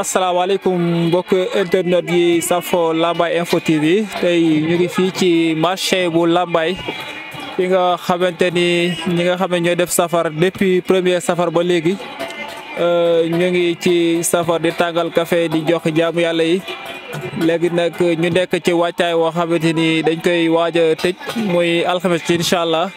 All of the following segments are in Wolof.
asalaamaaleykum mbokk internet yi safo Lambaye Info TV tey ñu ngi fii ci marché bu Lambaye fi nga xamante ni ñi nga xam ne ñooy def safar depuis premier safar ba léegi euh, ñu ngi ci safar di tàngal kafe di jox jaamu yàlla yi léegi nag ñu nekk ci wàccaay woo xamante ni dañ koy waaj a tëj muy alxames incha allah.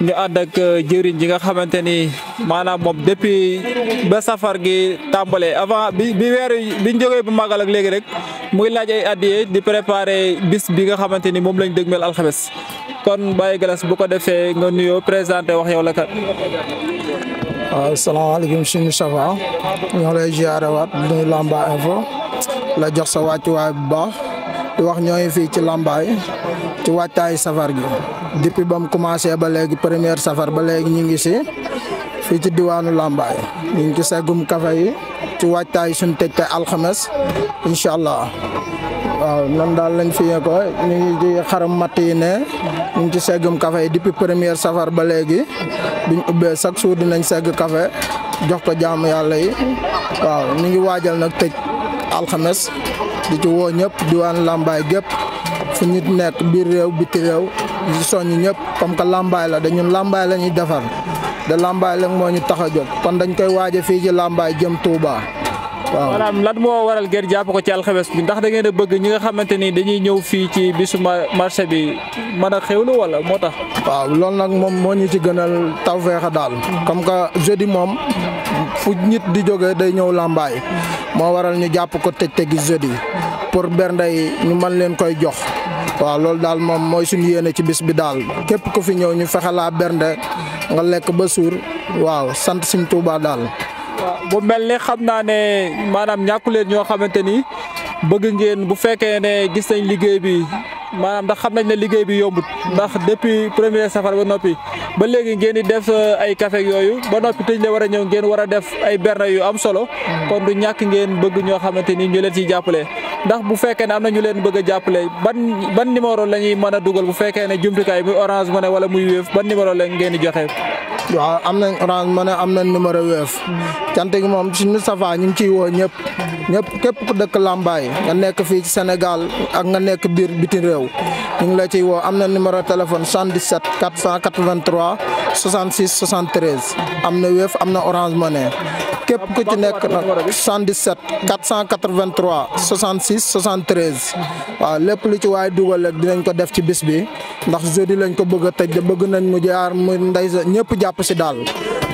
ñu ànd ak euh, jëriñ ji nga xamante ni maanaam moom depuis ba safar gi tàmbalee avant bi bi weer bi jógee bu màggal ak léegi rek muy laaj ay di préparer bis bi nga xamante ni moom lañ dëgmeel alxames kon Baye Gallas bu ko defee nga nuyoo présenté wax yow la kat. waaw salaamaaleykum si Moustapha ñoo lay ziarewaat di nuyu Lamba Info la jox sa wàccuwaay bu baax. di wax ñooy fii ci Lambaye ci wàccaay safar gi depuis ba mu commencé ba léegi première safar ba léegi ñu ngi si fii ci diwaanu Lambaye ñu ngi ci seggum kafe yi ci wàccaay suñ tëj te alxames incha allah waaw nan daal lañ fi ko ñu ngi ci xaram matt yi ne ñu ngi ci seggum kafe yi depuis première safar ba léegi biñ ubbee chaque jour dinañ segg kafe jox ko jaamu yàlla yi waaw ñu ngi waajal nag tëj alxames di ci woo ñëpp diwaan làmbaay gépp fu ñu nekk biir réew biti réew di soññ ñëpp comme que làmbaay la dañun làmbaay la ñuy defar da làmbaay la moo ñu tax kon dañ koy waaje fii ci làmbaay jëm Touba maanaam lan moo waral ngeen jàpp ko ci alxames bi ndax da ngeen a bëgg ñi nga xamante ni dañuy ñëw fii ci bisu marché bi mën a xewlu wala moo tax. waaw loolu nag moom moo ñu ci gënal tawféexa daal. comme que jeudi moom fu nit di jógee day ñëw lambay moo waral ñu jàpp ko tëj tegi jeudi pour bernde ñu mën leen koy jox. waaw loolu daal moom mooy suñu yéene ci bis bi daal képp ku fi ñëw ñu wow bernde nga ba waaw sant Sëñ Tuubaa daal. bu mel ne xam naa ne maanaam ñàkkuleen ñoo xamante ni bëgg ngeen bu fekkee ne gis nañ liggéey bi maanaam ndax xam nañ ne liggéey bi yombut ndax depuis premier safar ba noppi ba léegi ngeen di def euh, ay café yooyu ba noppi tëj la war a ñëw ngeen war def ay berne yu am solo hmm. kon du ñàkk ngeen bëgg ñoo xamante ni ñu leen ci jàppale ndax bu fekkee ne am na ñu leen bëgg a jàppale ban ban numéro la ñuy mën a dugal bu fekkee ne jumtukaay muy Orange Money wala muy Wave ban numéro la ngeen di joxe waaw am nañ orange money am nañ numéro weef cant moom si Moustapha ñu ngi ciy woo ñëpp ñëpp képp ku dëkk Lambaye nga nekk fii ci Sénégal ak nga nekk biir bitim réew ñu ngi la ciy woo am na numéro téléphone 77 483 66 73 am na Wave am na Orange Money képp ku ci nekk nag 77 483 66 73 waaw lépp lu ci waaye dugal rek dinañ ko def ci bis bi ndax jeudi lañ ko bëgg a tëj bëgg nañ mu jaar mu ndey ñëpp jàpp si daal.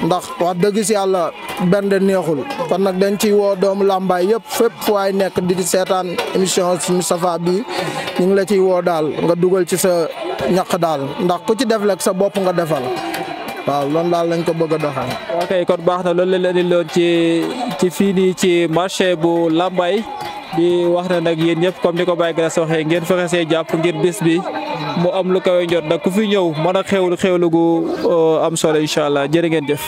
ndax wax dëgg si yàlla bernde neexul kon nag dañ ciy woo doomu làmbaay yëpp fépp waay nekk di seetaan émission Moustapha bi ñu ngi la ciy woo daal nga dugal ci sa ñaq daal ndax ku ci def rek sa bopp nga defal waaw loolu daal lañ ko bëgg a doxal. ok kon baax na loolu la leen loon ci ci fii nii ci marché bu làmbaay di wax na nag yéen ñëpp comme ni ko Baye Gallas waxee ngeen fexe see jàpp ngir bis bi. mu am lu kawe njot nag ku fi ñëw mën a xewlu xewlu gu euh, am solo incha allah jërë ngeen def